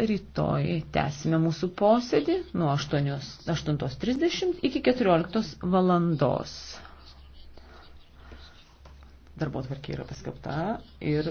Rytoj tęsime mūsų posėdį nuo 8.30 iki 14 valandos. Darbo tvarkė yra paskelbta ir